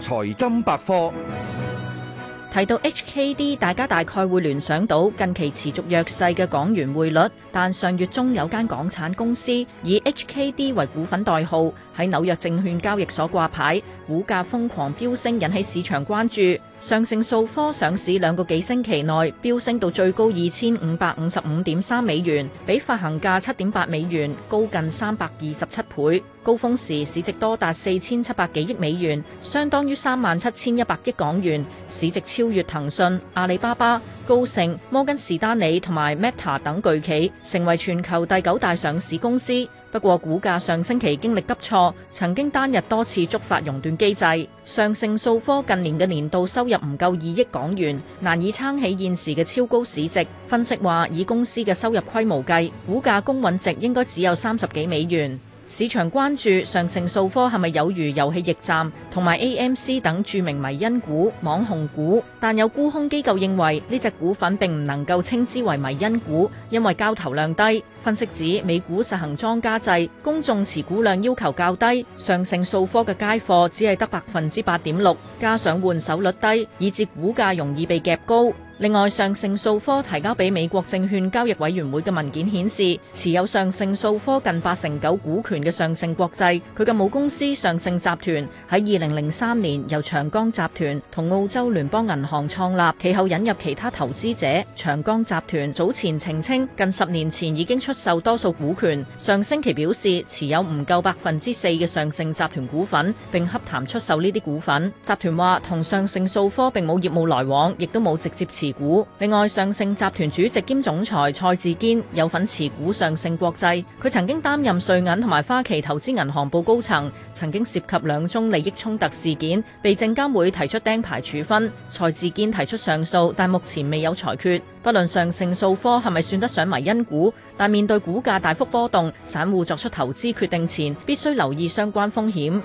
財金百科提到 HKD，大家大概會聯想到近期持續弱勢嘅港元匯率。但上月中有間港產公司以 HKD 為股份代號，喺紐約證券交易所掛牌，股價瘋狂飆升，引起市場關注。尚乘數科上市兩個幾星期內飆升到最高二千五百五十五點三美元，比發行價七點八美元高近三百二十七倍。高峰時市值多達四千七百幾億美元，相當於三萬七千一百億港元，市值超越騰訊、阿里巴巴、高盛、摩根士丹利同埋 Meta 等巨企，成為全球第九大上市公司。不過，股價上星期經歷急挫，曾經單日多次觸發熔斷機制。尚乘數科近年嘅年度收入唔夠二億港元，難以撐起現時嘅超高市值。分析話，以公司嘅收入規模計，股價公允值應該只有三十幾美元。市場關注尚乘數科係咪有如遊戲驛站同埋 AMC 等著名迷因股、網紅股，但有沽空機構認為呢隻、這個、股份並唔能夠稱之為迷因股，因為交投量低。分析指美股實行莊家制，公眾持股量要求較低，尚乘數科嘅街貨只係得百分之八點六，加上換手率低，以致股價容易被夾高。另外，尚乘數科提交俾美國證券交易委員會嘅文件顯示，持有尚乘數科近八成九股權嘅尚乘國際，佢嘅母公司尚乘集團喺二零零三年由長江集團同澳洲聯邦銀行創立，其後引入其他投資者。長江集團早前澄清，近十年前已經出售多數股權。上星期表示持有唔夠百分之四嘅尚乘集團股份，並洽談出售呢啲股份。集團話同尚乘數科並冇業務來往，亦都冇直接持股。另外，尚乘集團主席兼總裁蔡志堅有份持股尚乘國際。佢曾經擔任瑞銀同埋花旗投資銀行部高層，曾經涉及兩宗利益衝突事件，被證監會提出釘牌處分。蔡志堅提出上訴，但目前未有裁決。不論尚乘數科係咪算得上迷因股，但面對股價大幅波動，散戶作出投資決定前，必須留意相關風險。